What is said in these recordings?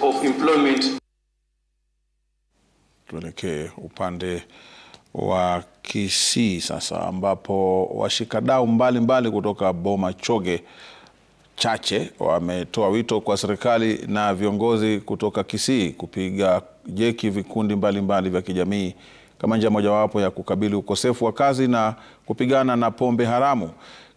Of employment. Tuelekee upande wa Kisii sasa ambapo washikadau mbalimbali kutoka Boma Choge Chache wametoa wito kwa serikali na viongozi kutoka Kisii kupiga jeki vikundi mbalimbali mbali vya kijamii kama njia mojawapo ya kukabili ukosefu wa kazi na kupigana na pombe haramu.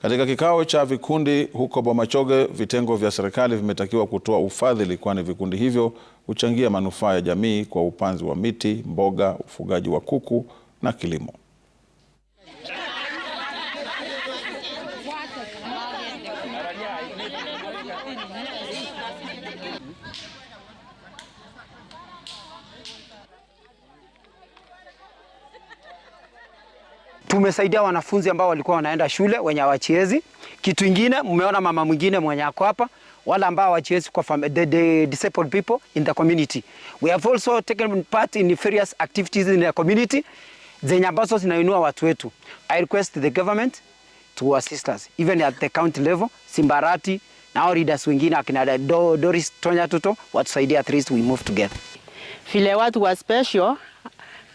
Katika kikao cha vikundi huko Bomachoge, vitengo vya serikali vimetakiwa kutoa ufadhili kwani vikundi hivyo huchangia manufaa ya jamii kwa upanzi wa miti, mboga, ufugaji wa kuku na kilimo. tumesaidia wanafunzi ambao walikuwa wanaenda shule wenye hawachiezi. Kitu ingine mmeona mama mwingine mwenye ako hapa, wale ambao hawachiezi kwa fam, the, the disabled people in the community. We have also taken part in various activities in the community zenye ambazo zinainua watu wetu. I request the government to assist us even at the county level, Simbarati na leaders wengine akina Doris Tonya Tuto watusaidie, at least we move together. Vile watu wa special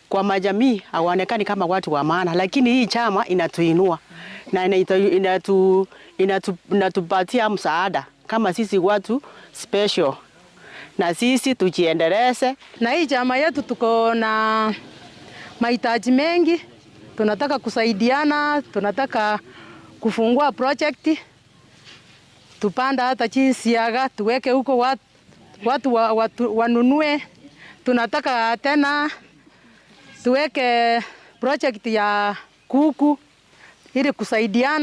kwa majamii hawaonekani kama watu wa maana, lakini hii chama inatuinua na inatu, inatu, inatu msaada kama sisi watu special na sisi tujiendeleze na hii chama yetu. Tuko na mahitaji mengi, tunataka kusaidiana, tunataka kufungua project, tupanda hata chisiaga tuweke huko watu, watu wanunue wa, wa tunataka tena tuweke project ya kuku ili kusaidiana.